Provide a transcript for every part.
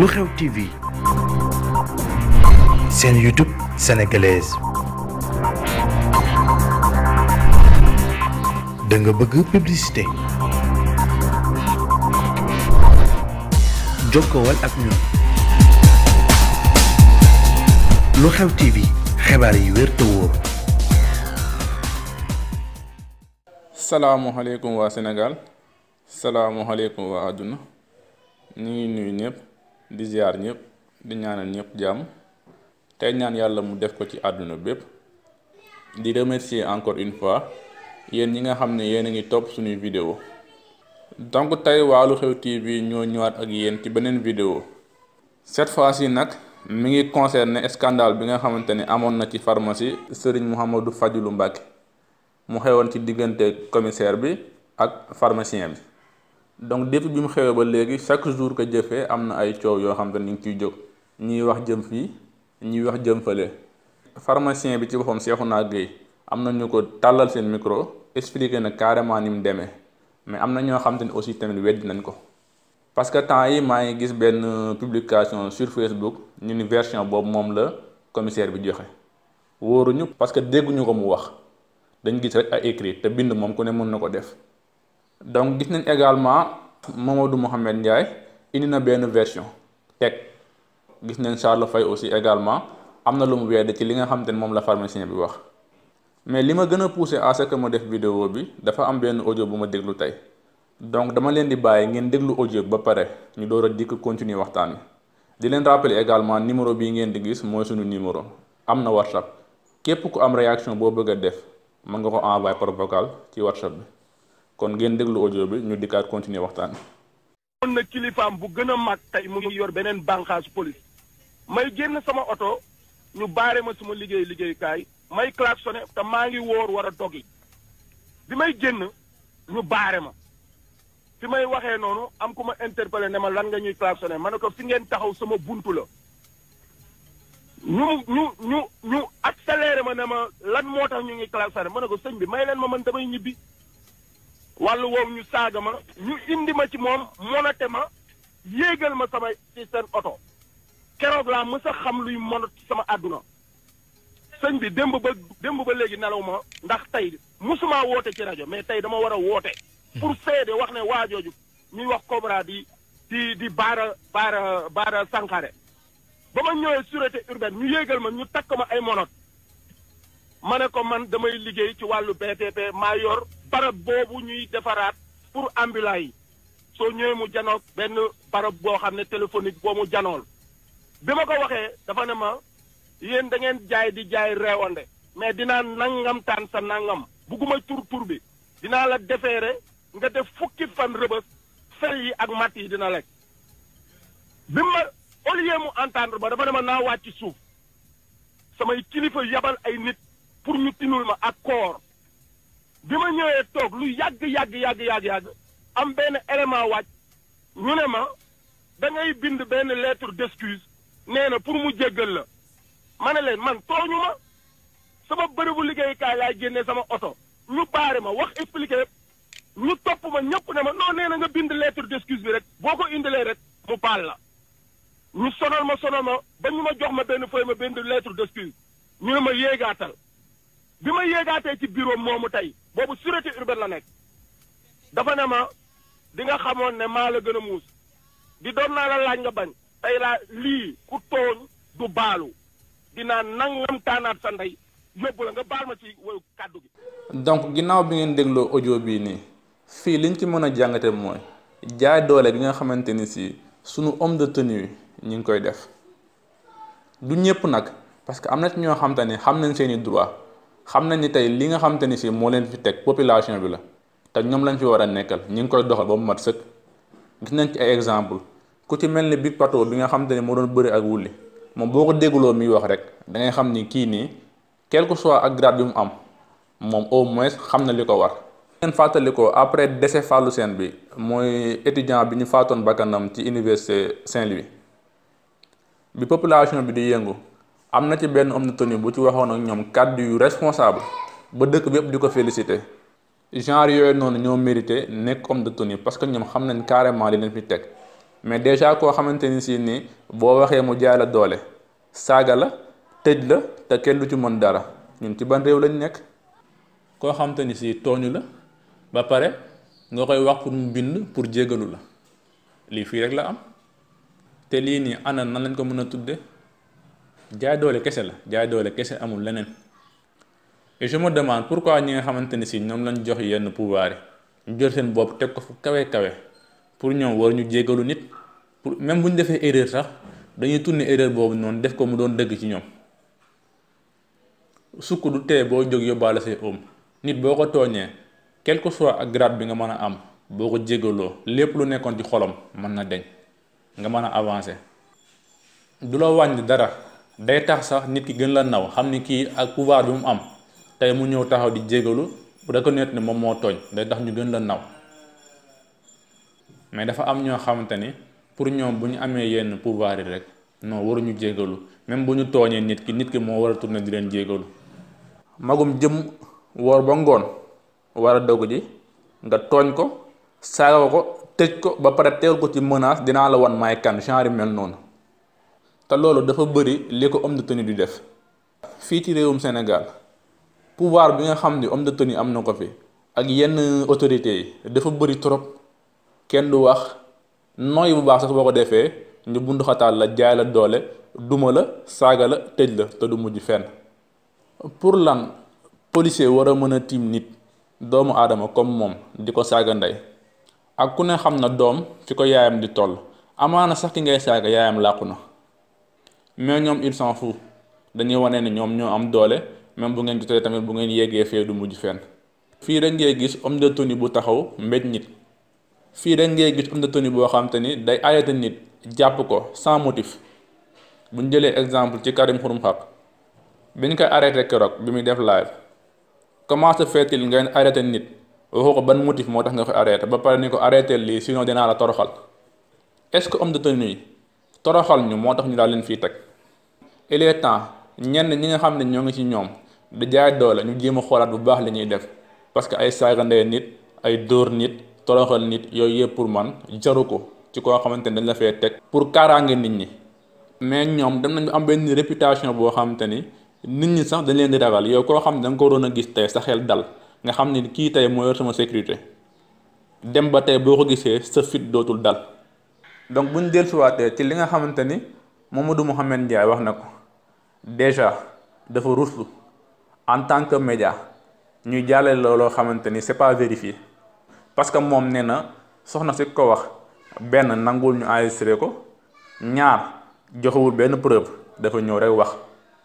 lu xew TV seen YouTube bëgg publicité jokkowal ak ñun lu xew TV xibaar yi wér te wóor. salaamualeykum waa Sénégal salaamualeykum waa àdduna ñu ngi nuyu ñëpp. di ziar ñëpp di ñaanal ñëpp jàmm tey ñaan yàlla mu def ko ci àdduna bépp di remercier encore une fois yéen ñi nga xam ne yéen a ngi topp suñuy vidéo donc tey waa Lu Xew TV ñoo ñëwaat ak yéen ci beneen vidéo cette fois-ci nag mi ngi concerné scandale bi nga xamante ni amoon na ci pharmacie Serigne faj lu Mbacké mu xewoon ci diggante commissaire bi ak pharmacien bi donc depuis bi mu xewee ba léegi chaque jour que jëfee am na ay coow yoo xam te ni ngi ciy jóg ñuy wax jëm fii ñuy wax jëm fële pharmacien bi ci boppam Cheikhouna Gueye am na ñu ko tàllal seen micro expliqué na carrément ni mu demee mais am na ñoo xam te aussi tamit weddi nañ ko parce que temps yi maa ngi gis benn publication sur Facebook ñu ni version boobu moom la commissaire bi joxe wóoruñu parce que dégguñu ko mu wax dañ gis rek ay écrit te bind moom ku ne mën na ko def donc gis nañ également Mamadou Mohamed Ndiaye indi na benn version teg gis nañ Charles Faye aussi également am na lu mu wedd ci li nga xam ne moom la pharmacien bi wax mais li ma gën a poussé à ce que ma def vidéo bi dafa am benn audio bu ma déglu tey donc dama leen di bàyyi ngeen déglu audio ba pare ñu door a dikk continuer waxtaan wi di leen rappeler également numéro bii ngeen di gis mooy sunu numéro am na WhatsApp képp ku am réaction boo bëgg a def mën nga ko envoyer par ci WhatsApp bi. kon ngeen déglu audio bi ñu dikkaat continuer waxtaan. kon na kilifaam bu gën a mag tey mu ngi yor beneen bànqaasu police may génn sama oto ñu baare ma suma liggéey liggéeyukaay may klaxonné te maa ngi wóor war a dogi bi may génn ñu baare ma fi may waxee noonu am ku ma interpellé ne ma lan nga ñuy klaxonné ma ne ko fi ngeen taxaw sama buntu la ñu ñu ñu ñu accéléré ma ne ma lan moo tax ñu ngi klaxonné ma ne ko sëñ bi may leen ma man damay ñibbi. wàllu woowu ñu saaga ma ñu indi ma ci moom monote ma yéegal ma sama ci seen oto keroog laa mës xam luy monot ci sama àdduna sëñ bi démb ba démb ba léegi nelaw ma ndax tey mësumaa woote ci rajo mais tey dama war a woote hmm. pour seede wax ne waajooju ñuy wax Cobra di di di baara baara baara Sankharé ba ma ñëwee sûreté urbaine ñu yéegal ma ñu takk ma ay monote ma ne ko man damay liggéey ci wàllu BTP maa yor barab boobu ñuy defaraat pour ambulants soo ñëwee mu janoog benn barab boo xam ne téléphonique boo mu janool bi ma ko waxee dafa ne ma yéen da ngeen jaay di jaay reewande mais dinaa nangam taan sa nangam bugguma tur tur bi dinaa la defeere nga def fukki fan rëbës fel yi ak mat yi dina lekk bi ma au lieu mu entendre ba dafa ne ma naa wàcc suuf samay kilifa yabal ay nit pour ñu tinul ma ak koor bi ma ñëwee toog lu yàgg yàgg yàgg yàgg yàgg am benn élément wàcc ñu ne ma dangay bind benn lettre d'excuse nee na pour mu jéggal la ma ne leen man tooñu ma sama bërëbu liggéeykaay laay génne sama oto ñu baare ma wax expliqué yëpp ñu topp ma ñëpp ne ma non nee na nga bind lettre d'excuse bi rek boo ko indilee rek mu baal la ñu sonal ma sonal ma ba ñu ma jox ma benn feuille ma bind lettre d'excuse ñu ne ma yéegaatal bi ma yéegaatee ci bureau moomu tey boobu sûreté urbaine la nekk dafa ne ma di nga xamoon ne maa la gën a muus di doon naa la laaj nga bañ tey laa lii ku tooñ du baalu dinaa nangam taanaat sa ndey yóbbu la nga baal ma ci woyu kàddu gi. donc ginnaaw bi ngeen dégloo ojo bii nii fii liñ ci mën a jàngate mooy jaay doole bi nga xamante ni si sunu homme de tenue ñu ngi koy def du ñëpp nag parce que am na ci ñoo xam te ne xam nañ seeni droit. xam nañ ni tey li nga xamante ni si moo leen fi teg population bi la te ñoom lañ fi war a nekkal ñi ngi koy doxal ba mu mat sëkk gis nañ ci ay exemple ku ci mel ni Big Pato bi nga xamante ni moo doon bëri ak wulli moom boo ko dégguloo muy wax rek da ngay xam ni kii nii quel que soit ak grade bi mu am moom au moins xam na li ko war. ngeen fàttali ko après décès Fallou seen bi mooy étudiant bi ñu fàttoon bakkanam ci université Saint-Louis bi population bi di yëngu. am na ci benn om de tenue bu ci waxoon ak ñoom kàddu yu responsable ba dëkk bi yëpp di ko félicité genre yooyu noonu ñoo mérité nekk homme de tenue parce que ñoom xam nañ carrément li leen fi teg mais déjà koo xamante ni si nii boo waxee mu jaay la doole saaga la tëj la te kenn lu ci mën dara ñun ci ban réew lañ nekk koo xamante ni si tooñu la ba pare nga koy wax pour mu bind pour jéggalu la lii fii rek la am te lii nii ana nan lañ ko mën a tudde jaay doole kese la jaay doole kese amul leneen et je me demande pourquoi ñi nga xamante ne si ñoom lañu jox yenn pouvoir yi ñu jël seen bopp teg ko fu kawe kawe pour ñoom war ñu jéggalu nit pour même bu ñu defee erreur sax dañuy tourner erreur boobu noonu def ko mu doon dëgg ci ñoom sukk du tee boo jóg yóbbaale say om nit boo ko tooñee quel que soit ak grade bi nga mën a am boo ko jégaloo lépp lu nekkoon ci xolom mën na deñ nga mën a avancé du la wàññi day tax sax nit ki gën la naw xam ni kii ak pouvoir bi mu am tey mu ñëw taxaw di jégalu pour neet ne moom moo tooñ day tax ñu gën la naw mais dafa am ñoo xamante ni pour ñoom bu ñu amee yenn pouvoir yi rek non waruñu jégalu même bu ñu tooñee nit ki nit ki moo war a tourné di leen jégalu. magum jëm woor ba ngoon war a dogu ji nga tooñ ko saaga ko tëj ko ba pare tegal ko ci menace dinaa la wan may kan genre mel noonu. te loolu dafa bari li ko homme de tenue di def fii ci réewum senegal pouvoir bi nga xam ni homme de tenue am na ko fi ak yenn autorité yi dafa bëri trop kenn du wax nooy bu baax sax boo ko defee ñu bundu la jaay la doole duma la saaga la tëj la te du mujj fenn pour lan policier war a mën a tiim nit doomu aadama comme moom di ko saaga ndey ak ku ne xam na doom fi ko yaayam di toll amaana sax ki ngay saaga yaayam làqu na mais ñoom il s'en fout dañuy wane ni ñoom ñoo am doole même bu ngeen jotee tamit bu ngeen yeggee fee du mujj fenn. fii rek ngay gis homme de tenue bu taxaw mbéj nit fii rek ngay gis homme de tenue boo xam ni day ayata nit jàpp ko sans motif bu ñu jëlee exemple ci Karim Xurum Xaq bi ñu koy arrêté keroog bi muy def live comment se ngeen arrêté nit waxu ko ban motif moo tax nga ko arrêté ba pare ni ko arrêté lii sinon dinaa la toroxal est-ce que homme de tenue yi toroxal ñu moo tax ñu daal leen fii teg il est temps ñenn ñi nga xam ne ñoo ngi ci ñoom di jaay doole ñu jéem a xoolaat bu baax li def parce que ay saaga nit ay dóor nit toroxal nit yooyu yëpp pour man jaru ko ci koo xamante ni dañ la fee teg pour kaaraange nit ñi mais ñoom dem nañu am benn réputation boo xamante ni nit ñi sax dañ leen di ragal yow koo xam ne da ko waroon a gis tey sa xel dal nga xam ne kii tey moo yor sama sécurité dem ba tey boo ko gisee sa fit dootul dal donc bu ñu dellusiwaatee ci li nga xamante ni Mamadou Mouhamed Ndiaye wax na ko déjà dafa ruslu en tant que média ñuy jàllale looloo xamante ni c'est pas vérifié parce que moom nee na soxna si ko wax benn nanguwul ñu enregistré ko ñaar joxewul benn preuve dafa ñëw rek wax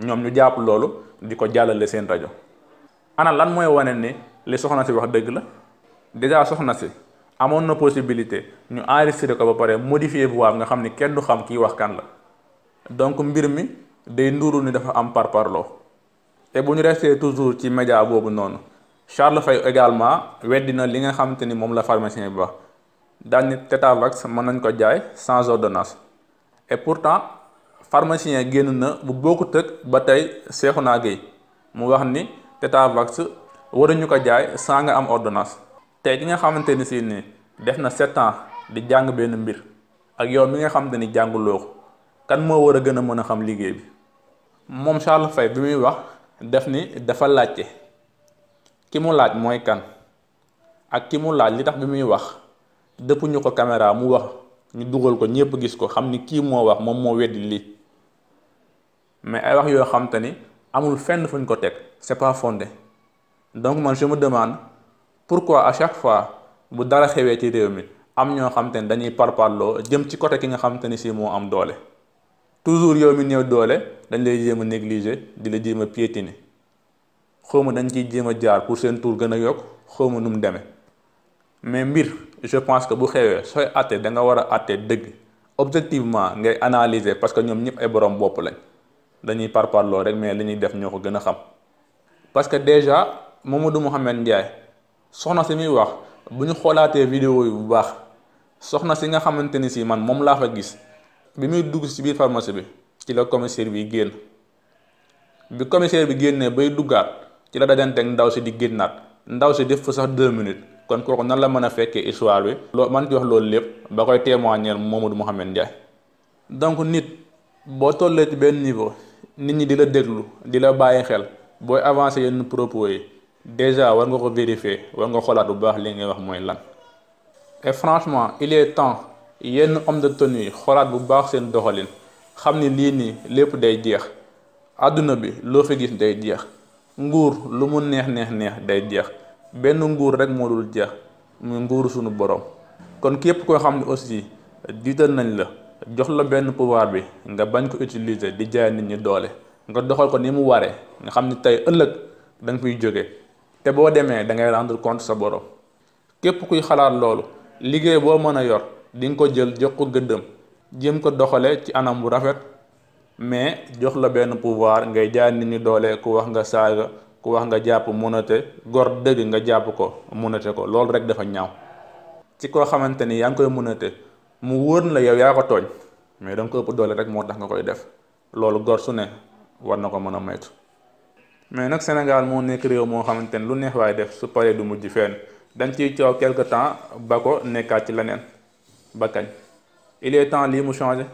ñoom ñu jàpp loolu di ko jàllale seen rajo ana lan mooy wane ni li soxna si wax dëgg la déjà soxna si. amoon na possibilité ñu enregistré ko ba pare modifier bu waaf nga xam ni kenn du xam kii wax kan la donc mbir mi day nduru ni dafa am par parloo te bu ñu resté toujours ci média boobu noonu Charles Faye également weddi li nga xam te ni moom la pharmacien bi wax daan ni Tetavax mën nañ ko jaay sans ordonnance et pourtant pharmacien génn na bu bokkut ak ba tey naa Gueye mu wax ni Tetavax waruñu ko jaay sans nga am ordonnance tey ki nga xamante ni si ni def na sept ans di jàng benn mbir ak yoon mi nga xamante ni jànguloo ko kan moo war a gën a mën a xam liggéey bi moom Charles Faye bi muy wax def ni dafa laajte ki mu laaj mooy kan ak ki mu laaj li tax bi muy wax dëpp ñu ko caméra mu wax ñu dugal ko ñëpp gis ko xam ni kii moo wax moom moo weddi lii mais ay wax yoo xam ni amul fenn fuñ ko teg c'est pas fonde donc man je me demande pourquoi à chaque fois bu dara xewee ci réew mi am ñoo xam te ne dañuy parparloo jëm ci côté ki nga xam te ne si moo am doole toujours yow mi néew doole dañ lay jéem a négliger di la jéem a piétiner xaw dañ ciy jéem a jaar pour seen tour gën a yokk xaw ma nu mu demee mais mbir je pense que bu xewee sooy àtte danga nga war a àtte dëgg objectivement ngay analyser parce que ñoom ñëpp ay borom bopp lañ dañuy parparloo rek mais li ñuy def ñoo ko gën a xam parce que déjà Mamadou Mouhamed Ndiaye. soxna si muy wax bu ñu xoolaatee vidéo yi bu baax soxna si nga xamante ni si man moom laa fa gis bi muy dugg si biir pharmacie bi ci la commissaire bi génn bi commissaire bi génnee bay duggaat ci la dajanteeg ndaw si di génnaat ndaw si def fa sax deux minutes kon kooku nan la mën a fekkee histoire bi loo man ci wax loolu lépp ba koy témoigner Mamadou Mouhamed Ndiaye donc nit boo tollee ci benn niveau nit ñi di la déglu di la bàyyi xel booy avancer yenn propos yi déjà war nga ko vérifier war nga xolaat bu baax li ngay wax mooy lan et franchement il est temps yenn homme de tenue yi xoolaat bu baax seen doxalin xam ni lii nii lépp day jeex àdduna bi loo fi gis day jeex nguur lu mu neex neex neex day jeex benn nguur rek moo dul jeex muy nguur sunu borom kon képp koo xam ne aussi diital nañ la jox la benn pouvoir bi nga bañ ko utiliser di jaay nit ñi doole nga doxal ko ni mu waree nga xam ni tey ëllëg da fiy jóge te boo demee dangay ngay rendre compte sa boro képp kuy xalaat loolu liggéey boo mën a yor di nga ko jël jox ko gëddëm jéem ko doxale ci anam bu rafet mais jox la benn pouvoir ngay jaay nit ñi doole ku wax nga saaga ku wax nga jàpp munate gor dëgg nga jàpp ko munate ko loolu rek dafa ñaaw ci koo xamante ni yaa ngi koy munate mu wóor la yow yaa ko tooñ mais danga ko ëpp doole rek moo tax nga koy def loolu gor su ne war na ko mën a moytu mais nag Sénégal moo nekk réew moo xamante ne lu neex waaye def su paree du mujj fenn dañ ciy coow quelque temps ba ko nekkaat ci leneen ba kañ il est temps lii mu changé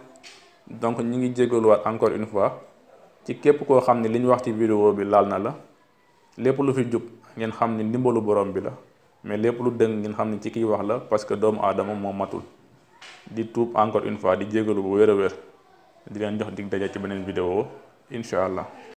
donc ñi ngi jégaluwaat encore une fois ci képp koo xam ne li ñu wax ci vidéo bi laal na la lépp lu fi jub ngeen xam ne ndimbalu borom bi la mais lépp lu dëng ngeen xam ne ci kiy wax la parce que doomu aadama moo matul di tuub encore une fois di jégalu bu wér a wér di leen jox dig daje ci beneen vidéo incha allah.